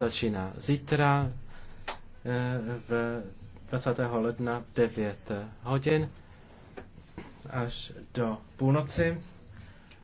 začíná zítra eh, v 20. ledna 9 hodin až do půlnoci.